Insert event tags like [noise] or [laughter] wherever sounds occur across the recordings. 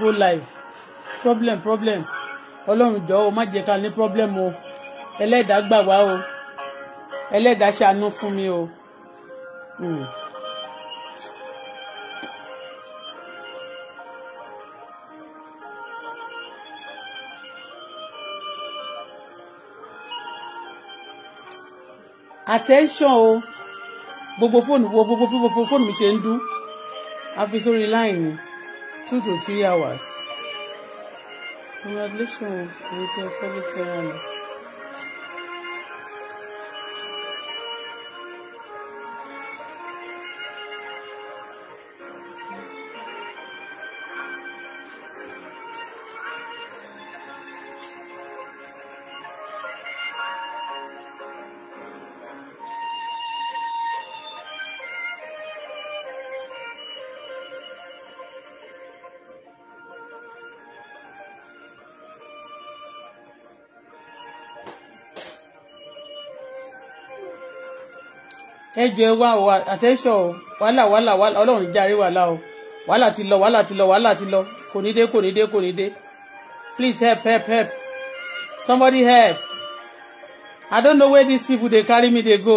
go live problem problem ọlọ́run jọ̀ọ́ o má jẹ́ ká ní problem o ẹlẹ́dàá gbà wá o ẹlẹ́dàá ṣàánú fún mi o. Mm. attention o gbogbo fóònù wo gbogbo fóònù mi ṣe ń dún a fi sórí line two to three hours congratulations mo ti ẹ kọ́ ẹ jọ ẹ wá o àtẹ́ṣọ̀ o wàhálà wàhálà wàhálà ọlọ́run jàre wàhálà o wàhálà ti lọ wàhálà ti lọ wàhálà ti lọ kò ní dé kò ní dé kò ní dé please help help help somebody help i don't know where these people dey carry me dey go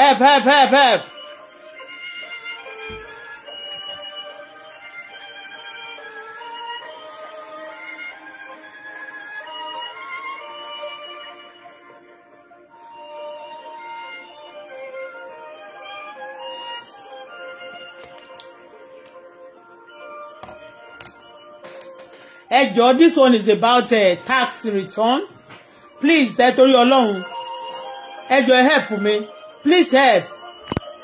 help help help help. ẹ this one is about uh, tax return please ẹ eh, torí ọlọ́run ẹ eh, help me please help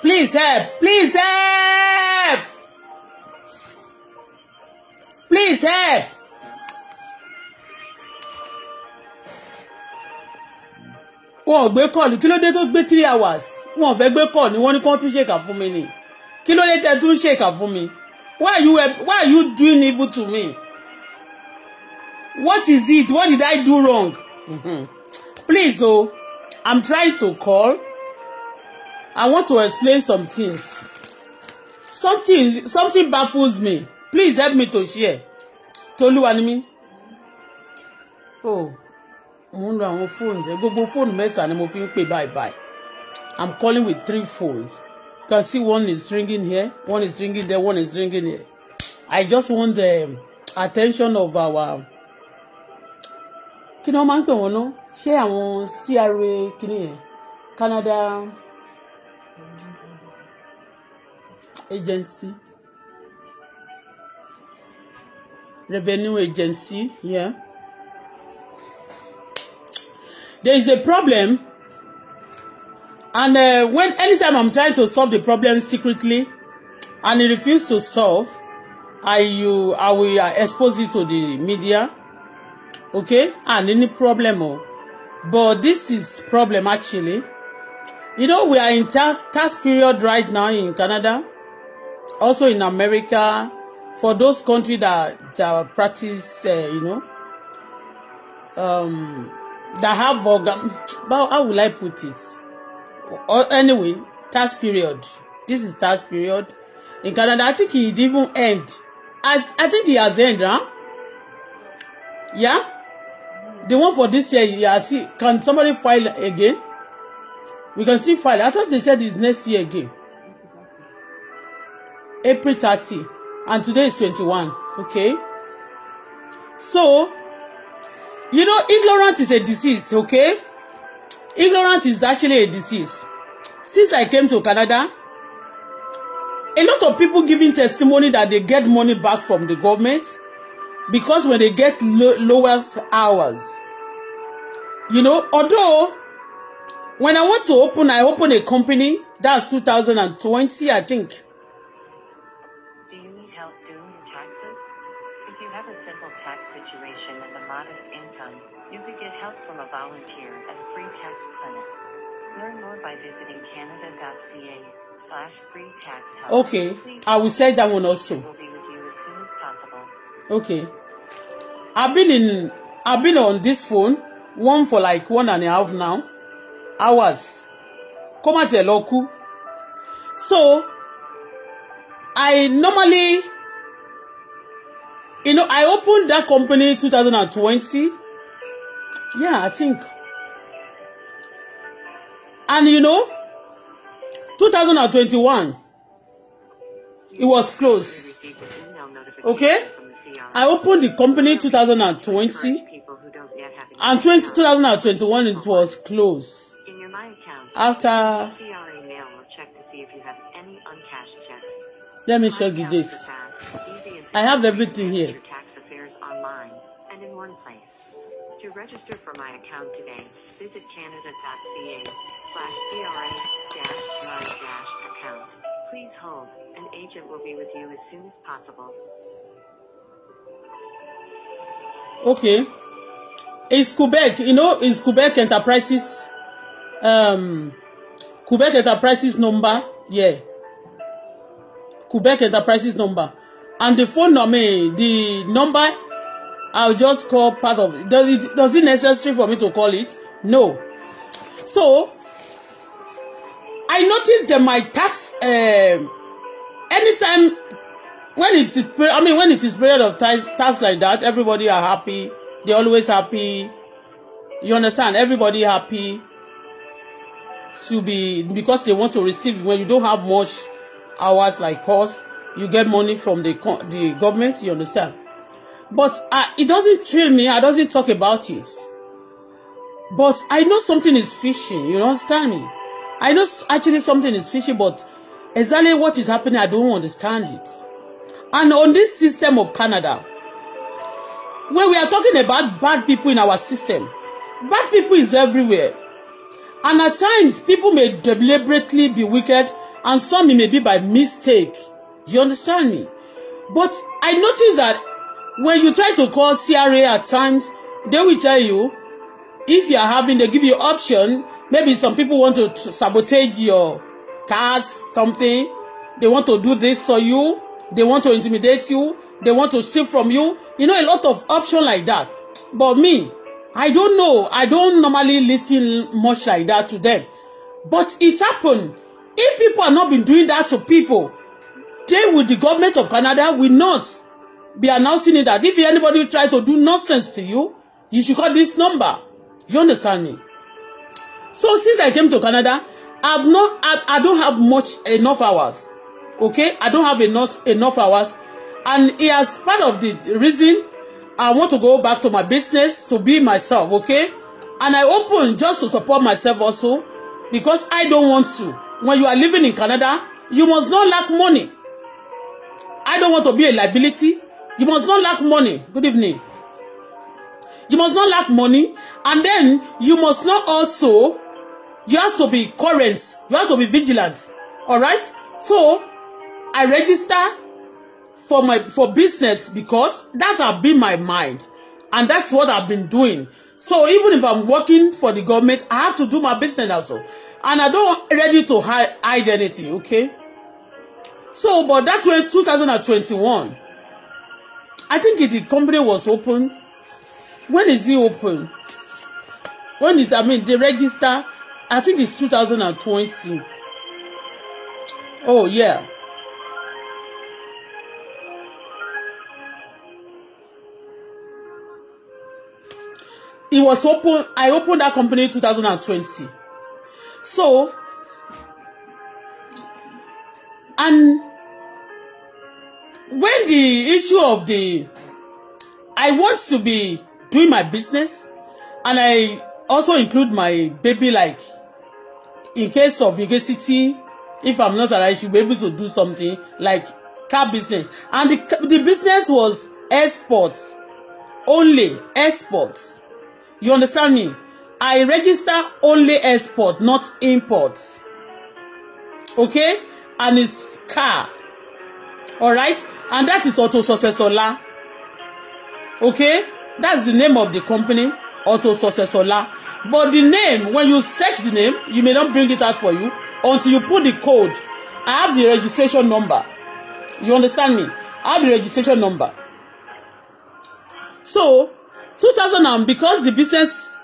please help please help please help. wọn ò gbé kọ́ọ̀lù kí ló dé tó gbé three hours wọn ò fẹ́ gbé kọ́ọ̀lù wọn ni kí wọ́n tún ṣèkà fún mi ni kí ló dé tẹ́ tún ṣèkà fún mi why you why you doing evil to me what is it what did I do wrong [laughs] please o oh, I'm trying to call I want to explain some things something something baffles me please help me to share tolúwa ni mí oh mo ń lo àwọn phones ẹ gbogbo phone mẹ́ta ni mo fi ń pè bye bye I'm calling with three phones you can see one is ringing here one is ringing there one is ringing here I just want the attention of our kí ni wọ́n máa ń pè wọ́n ná ṣé àwọn CRA kìíní yẹn Canada agency revenue agency yeah there is a problem and uh, when anytime I'm trying to solve the problem secretly and it refuse to solve I you I will expose it to the media okay and ah, any problem o but this is problem actually you know we are in tax tax period right now in Canada also in America for those countries that, that practice uh, you know um, that have organ how, how will I put it or anyway tax period this is tax period in Canada I think it even end as I think it has end huh? yeah the one for this year, yeah. see, can somebody file again? We can still file. I thought they said it's next year again. April 30. And today is 21. Okay. So, you know, ignorance is a disease, okay? Ignorance is actually a disease. Since I came to Canada, a lot of people giving testimony that they get money back from the government because when they get lo lowest hours you know although when I want to open I open a company that's 2020 I think Okay, I will say that one also okay i've been in i've been on this phone one for like one and a half now hours kó má tiẹ̀ lọ so i normally you know i opened that company 2020 yeah i think and you know 2021 it was closed okay I opened the company 2020 and 20, 2021 it was closed. After Let me check the date. I have everything here. To register for my account today, visit canada.ca slash CRA dash my dash account. Please hold. An agent will be with you as soon as possible. okay is Quebec you know is Quebec Enterprises um Quebec Enterprises number yeah Quebec Enterprises number and the phone number the number I'll just call part of it does it does it necessary for me to call it no so I noticed that my tax um anytime when it's I mean when it is period of tax tax like that everybody are happy they always happy you understand everybody happy to be because they want to receive when you don't have much hours like us you get money from the the government you understand but I, uh, it doesn't thrill me I doesn't talk about it but I know something is fishy you understand me I know actually something is fishy but exactly what is happening I don't understand it. And on this system of Canada, when we are talking about bad people in our system, bad people is everywhere. And at times, people may deliberately be wicked, and some it may be by mistake. You understand me? But I notice that when you try to call CRA at times, they will tell you, if you are having, they give you option, maybe some people want to sabotage your task, something, they want to do this for you, They want to intimidate you. They want to steal from you. You know, a lot of option like that. But me, I don't know. I don't normally listen much like that to them. But it happened. If people are not been doing that to people, they with the government of Canada will not be announcing it that if anybody try to do nonsense to you, you should call this number. You understand me? So since I came to Canada, I've not, I, I don't have much enough hours okay i don't have enough enough hours and he as part of the reason i want to go back to my business to be myself okay and i open just to support myself also because i don't want to when you are living in canada you must not lack money i don't want to be a liability you must not lack money good evening you must not lack money and then you must not also you have to be current you have to be vigilant all right so I register for my for business because that have been my mind and that's what I've been doing so even if I'm working for the government I have to do my business also and I don't ready to hide anything. okay so but that way 2021 I think it, the company was open when is it open when is I mean the register I think it's 2020 oh yeah it was open I opened that company in 2020 so and when the issue of the I want to be doing my business and I also include my baby like in case of vagacity if I'm not around she'll be able to do something like car business and the the business was exports only exports You understand me? I register only export, not import. Okay? And it's car. All right, And that is Auto Successola. Okay? That's the name of the company, Auto Successola. But the name, when you search the name, you may not bring it out for you until you put the code. I have the registration number. You understand me? I have the registration number. So, two thousand and because the business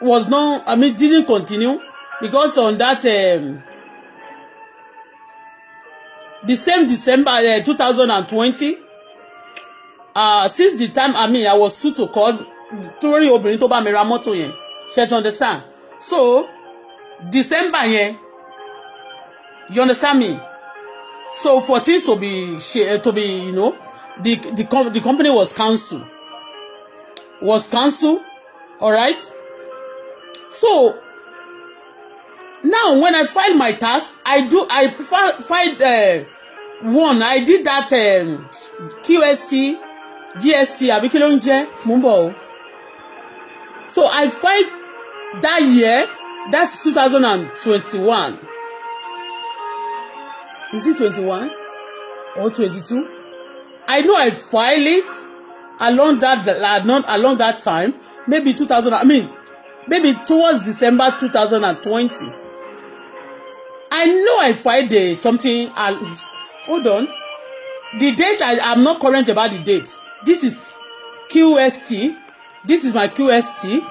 was no, I mean didn't continue because on that um, the same December uh, two thousand and twenty uh, since the time I mean I was sued to court torí obìnrin to bá mi ra mọ́tò yẹn ṣe to understand so December yẹn you understand me so for things to be share to be you know the the, com the company was cancelled was cancelled. All right. So now when I file my tax, I do I file uh, one. I did that um, QST, GST, àbí kí ló ń jẹ́ mò ń So I file that year. That's 2021. Is it 21 or 22? I know I file it along that along, along that time maybe two thousand. I mean maybe towards December two thousand and twenty. I know I Friday uh, something I, hold on the date I am not current about the date this is QST this is my QST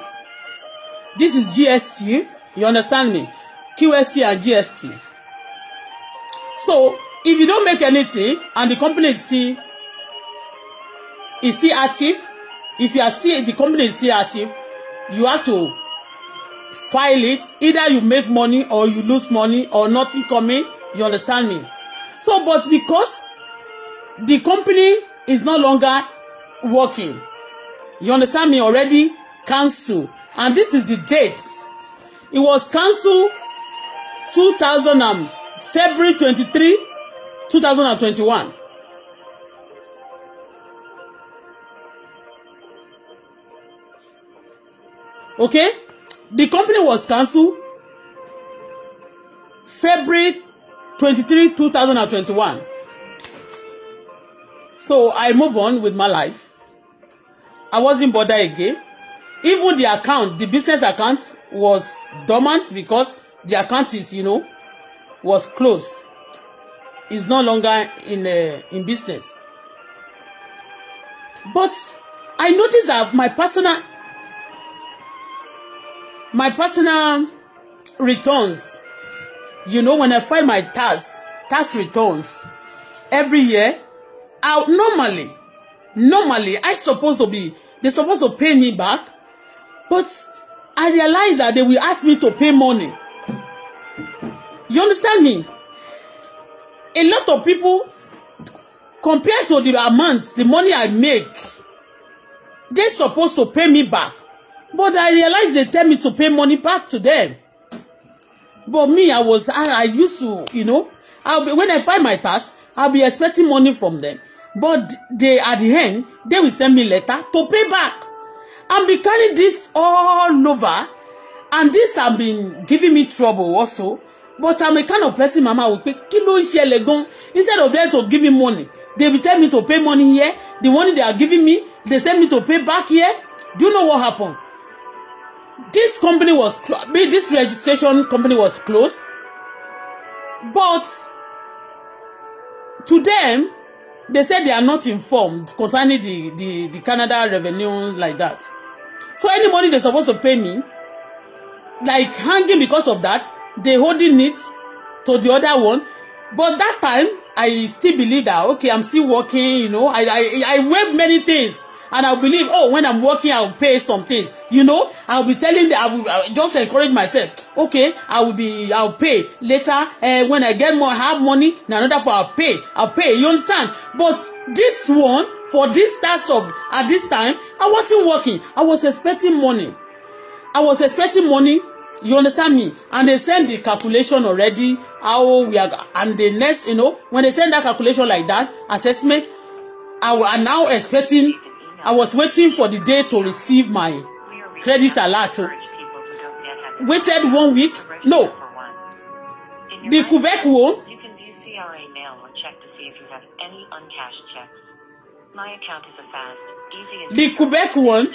this is GST you understand me QST and GST so if you don't make anything and the company is still is still active if you are still the company is still active you have to file it either you make money or you lose money or nothing coming you understand me so but because the company is no longer working you understand me already cancel and this is the date it was cancel two thousand and February twenty three, two thousand and twenty one. Okay? The company was cancelled February twenty three, two thousand and twenty one. So I move on with my life. I wasn't bothered again. Even the account, the business account was dormant because the account is, you know, was closed. It's no longer in uh, in business. But I noticed that my personal my personal returns you know when I file my tax tax returns every year I normally normally I supposed to be they supposed to pay me back but I realize that they will ask me to pay money you understand me a lot of people compared to the amount the money I make they supposed to pay me back But I realized they tell me to pay money back to them. But me, I was, I, I used to, you know, I'll be, when I find my tax, I'll be expecting money from them. But they, at the end, they will send me letter to pay back. I'm be carrying this all over. And this have been giving me trouble also. But I'm a kind of person, Mama, will pay kilo shele gun. Instead of them to give me money, they will tell me to pay money here. The money they are giving me, they send me to pay back here. Do you know what happened? this company was this registration company was closed, but to them, they said they are not informed concerning the, the, the Canada revenue like that. So any money they supposed to pay me, like hanging because of that, they holding it to the other one. But that time, I still believe that, okay, I'm still working, you know, I, I, I waive many things and I believe, oh, when I'm working, I'll pay some things. You know, I'll be telling, I will I'll just encourage myself. Okay, I will be, I'll pay later. Uh, when I get more, have money, now another for I'll pay. I'll pay. You understand? But this one, for this task of, at this time, I wasn't working. I was expecting money. I was expecting money. You understand me? And they send the calculation already, how we are, and the next, you know, when they send that calculation like that, assessment, I, am now expecting I was waiting for the day to receive my credit alert. Waited one week. No. The Quebec one. You can view CRA mail or check to see if you have any uncashed checks. My account is a fast, easy and The Quebec one,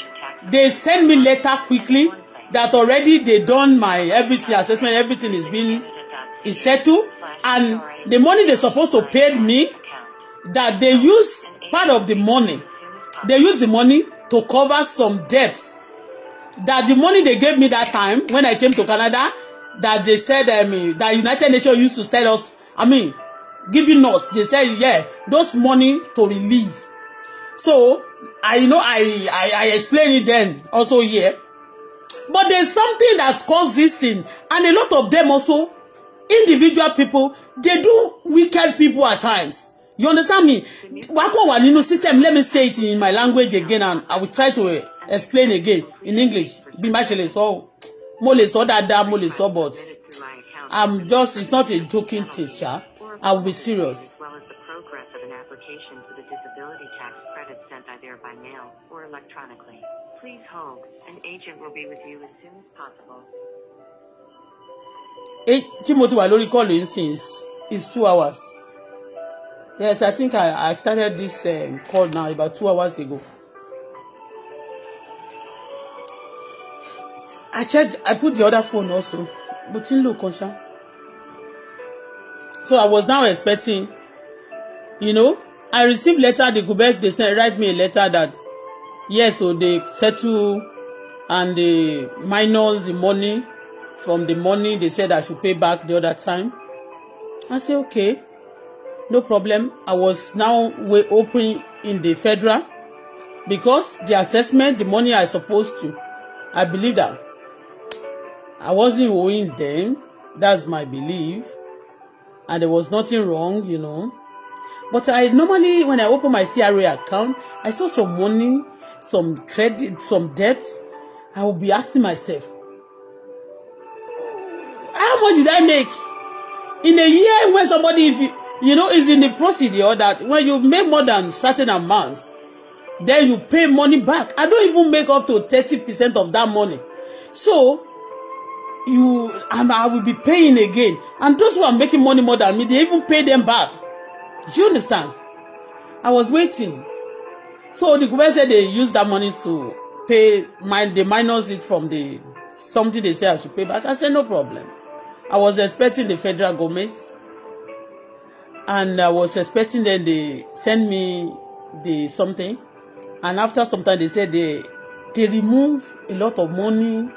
they send me letter quickly that already they done my everything assessment, everything is been is settled, and the money they supposed to pay me, that they use part of the money they use the money to cover some debts that the money they gave me that time when I came to Canada that they said um, that United Nations used to tell us I mean giving us they said yeah those money to relieve so I you know I I, I explain it then also here but there's something that caused this thing and a lot of them also individual people they do wicked people at times you understand me wàá kàn wà nínú system let me say it in my language again and i will try to explain again in english be má So, lè so that that sọ so but i'm just it's not a joking thing sha i will be serious. electronically. Please hold. An agent will be with you as soon as possible. Eight, tí mo ti wà lórí since it's two hours. Yes, I think I, I started this um, call now about two hours ago. I checked, I put the other phone also. But in look, Osha. So I was now expecting, you know, I received letter, the go back, they sent, write me a letter that, yes, so they settle and they minus the money from the money they said I should pay back the other time. I say, okay no problem i was now way open in the federal because the assessment the money i supposed to i believe that i wasn't owing them that's my belief and there was nothing wrong you know but i normally when i open my CRA account i saw some money some credit some debt i would be asking myself how much did i make in a year when somebody if you you know it's in the procedure that when you make more than certain amounts then you pay money back I don't even make up to thirty percent of that money so you and I will be paying again and those who are making money more than me they even pay them back do you understand I was waiting so the government said they use that money to pay mine they minus it from the something they say I should pay back I said no problem I was expecting the federal government and I was expecting them they send me the something and after some time they said they they remove a lot of money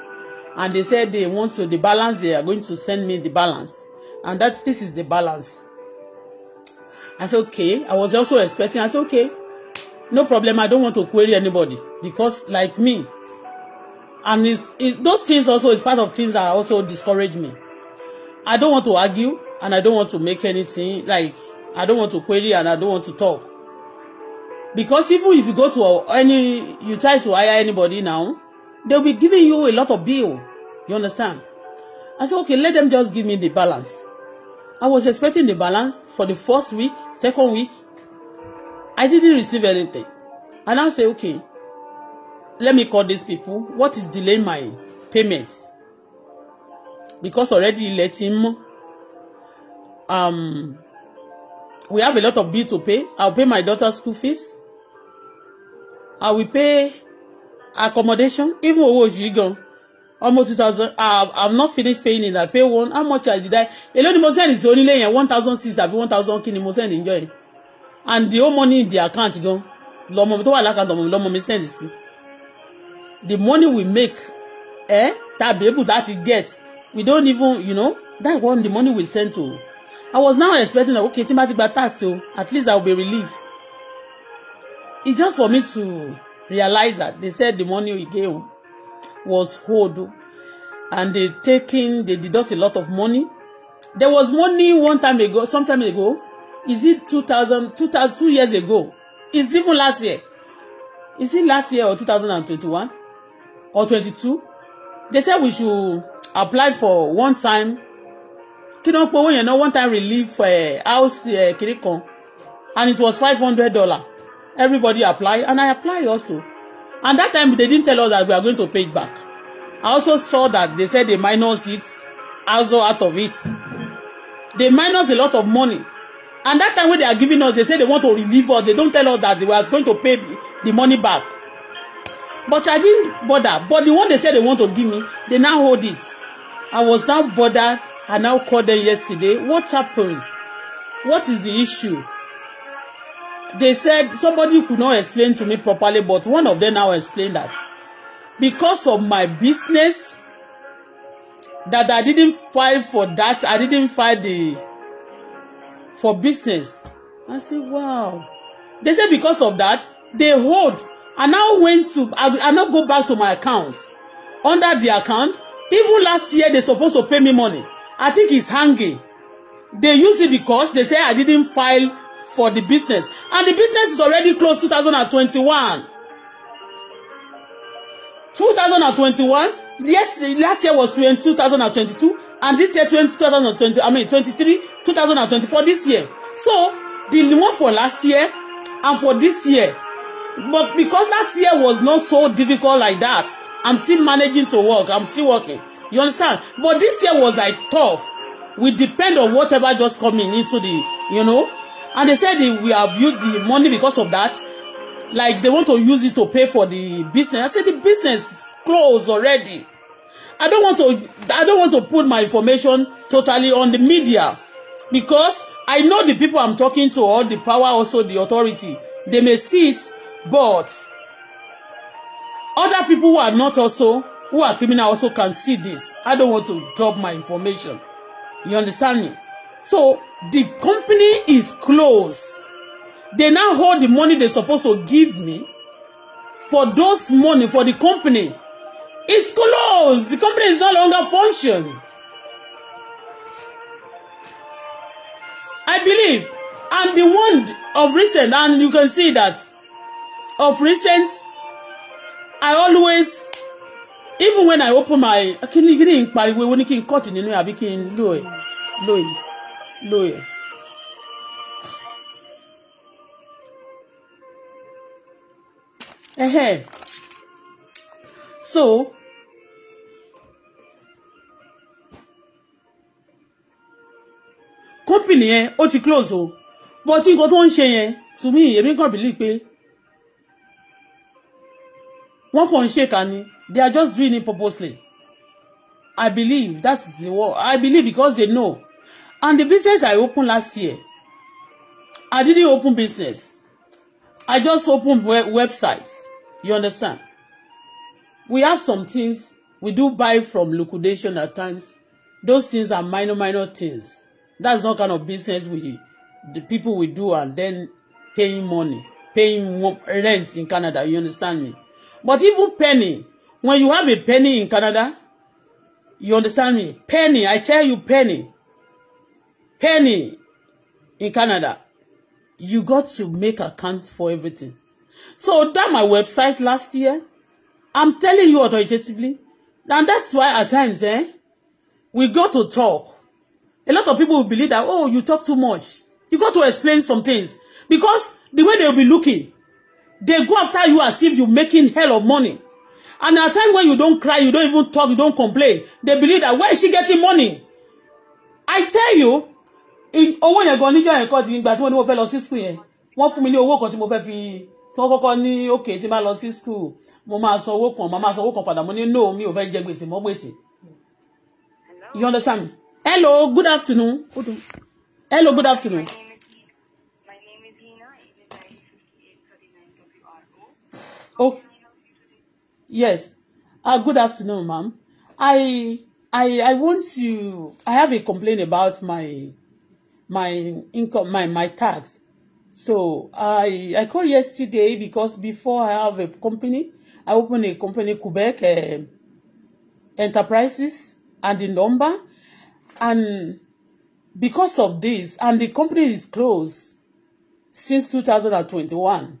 and they said they want to the balance they are going to send me the balance and that this is the balance I said okay I was also expecting I said okay no problem I don't want to query anybody because like me and it's, it, those things also is part of things that also discourage me I don't want to argue and I don't want to make anything like I don't want to query and I don't want to talk because even if you go to any you try to hire anybody now they'll be giving you a lot of bill you understand I said okay let them just give me the balance I was expecting the balance for the first week second week I didn't receive anything and I say okay let me call these people what is delaying my payment because already ilẹ̀ ti um, we have a lot of bill to pay. I'll pay my daughter's school fees. I will pay accommodation, even owó was you go? Almost two thousand. I've, I've not finished paying it. I pay one. How much I did I? Èló ni mo send is only laying one thousand six àbí one thousand kí ni mo enjoy. And the whole money in the account gan. Lọ́mọ mi tó wà lákàntọ̀ ọmọ mi lọ́mọ send sí. The money we make eh, That tàbí able láti get we don't even you know that one the money we send to I was now expecting that okay tí n bá ti gba tax o at least I will be relieved it's just for me to realize that they said the money we gave was hold and they taking they deduct a lot of money there was money one time ago some time ago is it two thousand, two thousand, two years ago it's even last year is it last year or two thousand and twenty one, or twenty two? they said we should apply for one time kí ló ń pe owó yẹn náà one time relief uh, house uh, eh, kiri kan and it was five hundred dollar everybody apply and I apply also and that time they didn't tell us that we are going to pay it back I also saw that they said they minus it also out of it they minus a lot of money and that time when they are giving us they say they want to relieve us they don't tell us that they were going to pay the money back but I didn't bother but the one they said they want to give me they now hold it I was now bothered I now called them yesterday. What happened? What is the issue? They said somebody could not explain to me properly, but one of them now explained that because of my business that I didn't file for that, I didn't file the for business. I said, wow. They said because of that, they hold. I now went to, I, I now go back to my account. Under the account, even last year, they supposed to pay me money. I think it's hanging. They use it because they say I didn't file for the business. And the business is already closed 2021. 2021, yes, last year was 2022, and this year 2020, I mean 23, 2024 this year. So, the one for last year and for this year. But because last year was not so difficult like that, I'm still managing to work. I'm still working. You understand? But this year was like tough. We depend on whatever just coming into the, you know. And they said we have used the money because of that. Like they want to use it to pay for the business. I said the business is closed already. I don't want to I don't want to put my information totally on the media because I know the people I'm talking to or the power also the authority they may see it but other people who are not also who are criminal also can see this. I don't want to drop my information. You understand me? So the company is closed. They now hold the money they supposed to give me for those money for the company. It's closed. The company is no longer functioning. I believe And the one of recent and you can see that of recent I always even when i open my kíni kíni n pariwo ewo ni kí n cut nínú àbí kí n lò ẹ lò ẹ lò ẹ. Ehe. So company yẹn O, ti close o but nǹkan tó ń ṣe yẹn to me èmi kàn believe pé One for ń ṣèkà they are just doing it purposely i believe that's the word i believe because they know and the business i opened last year i didn't open business i just opened web website you understand we have some things we do buy from liquidation at times those things are minor minor things that's not kind of business we the people we do and then paying money paying rent in Canada you understand me But even penny, when you have a penny in Canada, you understand me? Penny, I tell you penny. Penny in Canada, you got to make accounts for everything. So that my website last year, I'm telling you authoritatively, and that's why at times, eh, we got to talk. A lot of people will believe that, oh, you talk too much. You got to explain some things. Because the way they'll be looking, They go after you as if you're making hell of money. And at a time when you don't cry, you don't even talk, you don't complain, they believe that where is she getting money? I tell you, in owó yẹn gan níjọ́ yẹn kọ́ ti ìgbà tí wọ́n ní mo fẹ́ lọ sí school yẹn. Wọ́n fún mi ní owó kan tí mo fẹ́ fi tí wọ́n kọ́kọ́ ní òkè tí n lọ sí school. Mo máa san owó kan, mo máa san owó kan padà. Mo ní no, mi ò fẹ́ jẹ gbèsè mọ́ gbèsè. You understand me? Hello, good afternoon. Hello, good afternoon. Oh, yes. Uh, good afternoon, ma'am. I I I want to. I have a complaint about my my income, my my tax. So I I called yesterday because before I have a company, I opened a company Quebec uh, Enterprises and the number, and because of this, and the company is closed since two thousand and twenty one.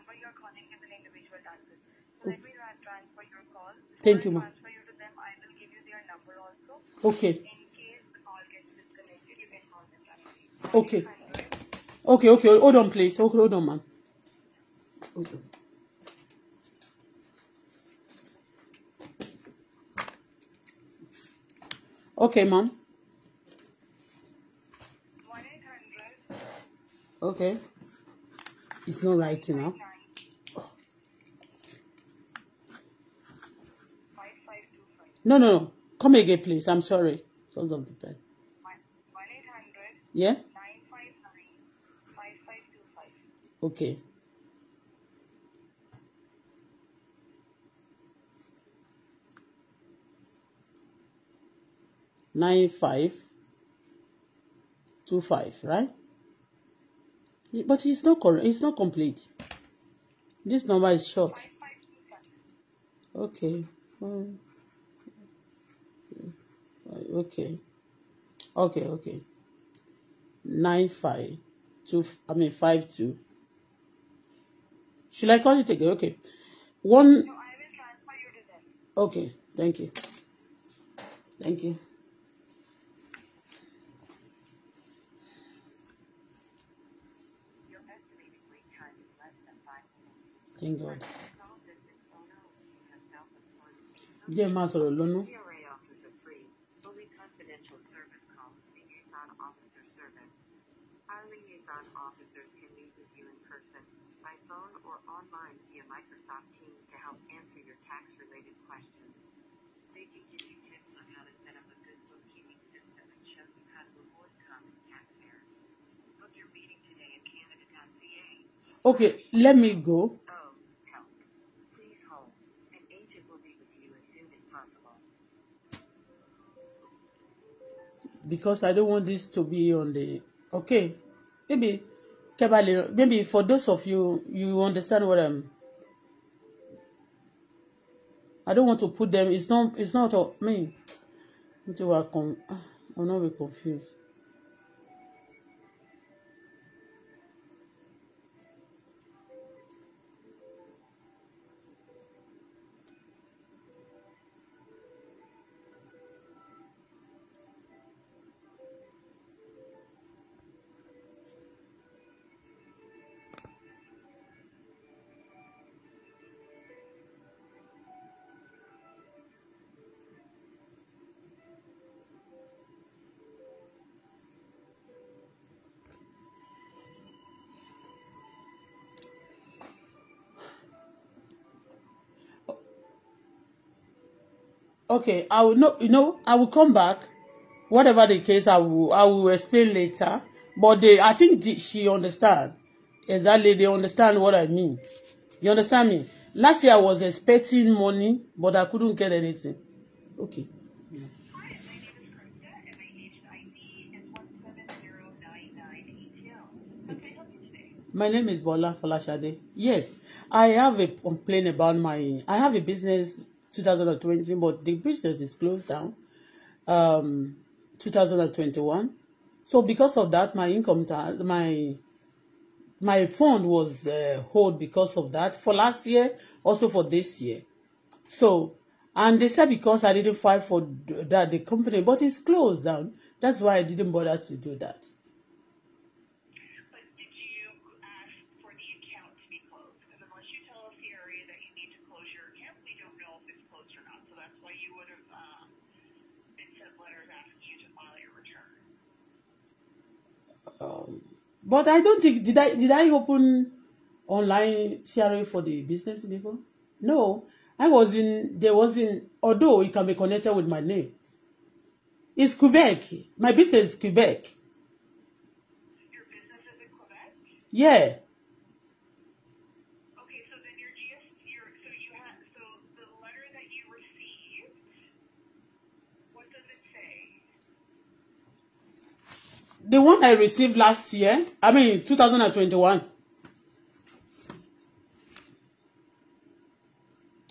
Thank you, ma'am. Okay. Okay. Okay, okay. Hold on, please. Okay, hold on, ma'am. Okay. Okay, ma'am. Okay. It's not right, you know. No, no, no. Come again, please. I'm sorry because of the time. One eight hundred. Yeah. Okay. Nine five two five, right? But it's not correct. It's not complete. This number is short. Okay. Fine okay okay okay nine five two I mean five two. Should I call it again? Okay. One. Okay. Thank you. Thank you. Thank God. Oh Jẹ́ master, sọ̀rọ̀ Pentagon officers can meet with you in person, by phone, or online via Microsoft Teams to help answer your tax-related questions. They can give you tips on how to set up a good bookkeeping system and show you how to avoid common tax errors. Book your meeting today at Canada.ca. Okay, let me go. Oh, because I don't want this to be on the okay maybe kẹ́bà maybe for those of you you understand what I'm I don't want to put them it's not it's not I mean mo ti wà I'm not be confused. okay i will know you know i will come back whatever the case i will i will explain later but they i think the, she understand exactly they understand what i mean you understand me last year i was expecting money but i couldn't get anything okay yeah. My name is Bola Folashade. Yes, I have a complaint about my. I have a business 2020, but the business is closed down um, 2021. So because of that, my income tax, my my fund was uh, hold because of that for last year, also for this year. So, and they said because I didn't file for that the company, but it's closed down. That's why I didn't bother to do that. But I don't think did I did I open online CRA for the business before? No, I was in there was in although it can be connected with my name. It's Quebec. My business is Quebec. Your business is in Quebec? Yeah. the one I received last year, I mean 2021,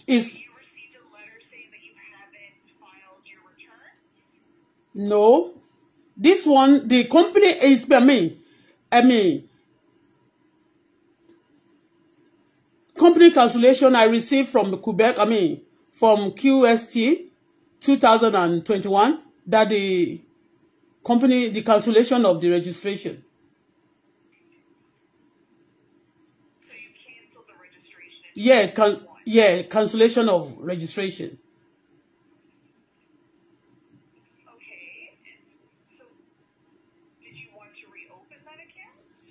is. No, this one the company is I mean, I mean, company cancellation I received from Quebec. I mean, from QST 2021 that the company the cancellation of the registration. So you cancel the registration. Yeah, can, yeah, cancellation of registration.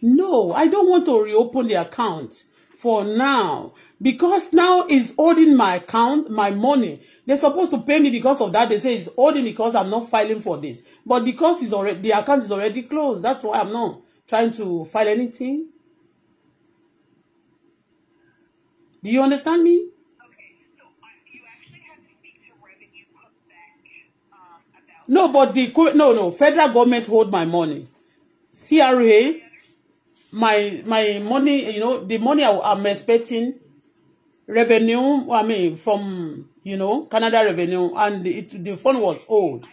No, I don't want to reopen the account for now because now it's holding my account, my money. They're supposed to pay me because of that. They say it's holding because I'm not filing for this. But because it's already the account is already closed, that's why I'm not trying to file anything. Do you understand me? Uh, um, no, but the no no federal government hold my money. CRA my my money you know the money I, i'm expecting revenue i mean from you know canada revenue and it, the phone was old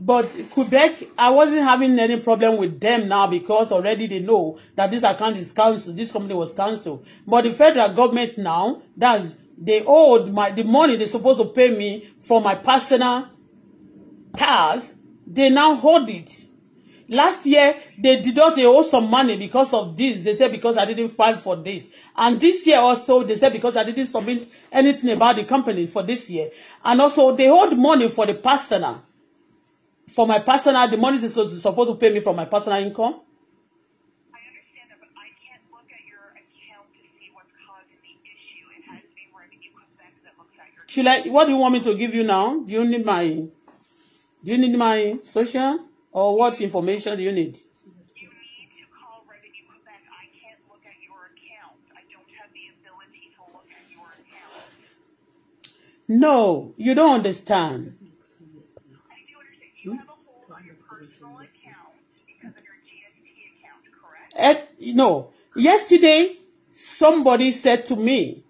But Quebec, I wasn't having any problem with them now because already they know that this account is cancelled, this company was cancelled. But the federal government now, that's they owed my the money they supposed to pay me for my personal cars, they now hold it. Last year, they did they owe some money because of this. They said because I didn't file for this. And this year also, they said because I didn't submit anything about the company for this year. And also, they hold money for the personal for my personal, the money is supposed to pay me from my personal income. I understand that, but I can't look at your account to see what's causing the issue. It has to be where the that looks at your. Should I? What do you want me to give you now? Do you need my? Do you need my social or what information do you need? You need to call Revenue Quebec. I can't look at your account. I don't have the ability to look at your account. No, you don't understand. you eh, know, yesterday somebody said to me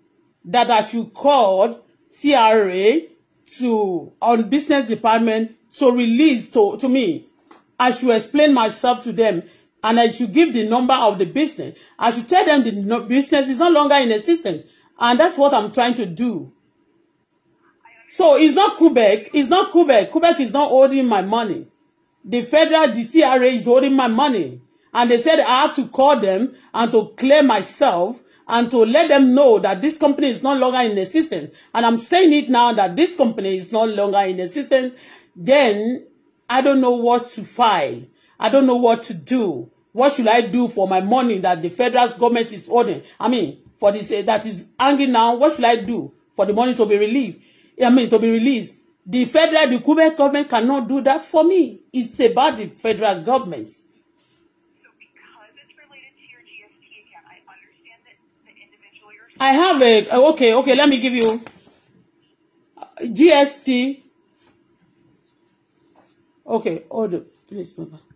that I should call CRA to on business department to release to, to me. I should explain myself to them and I should give the number of the business. I should tell them the business is no longer in existence. And that's what I'm trying to do. So it's not Quebec. It's not Quebec. Quebec is not holding my money. The federal, the CRA is holding my money. And they said I have to call them and to clear myself and to let them know that this company is no longer in existence. And I'm saying it now that this company is no longer in existence. Then I don't know what to file. I don't know what to do. What should I do for my money that the federal government is holding? I mean, for this uh, that is hanging now, what should I do for the money to be relieved? I mean, to be released. The federal, the Quebec government cannot do that for me. It's about the federal governments. I have a okay, okay, let me give you GST. Okay, order, please, Baba.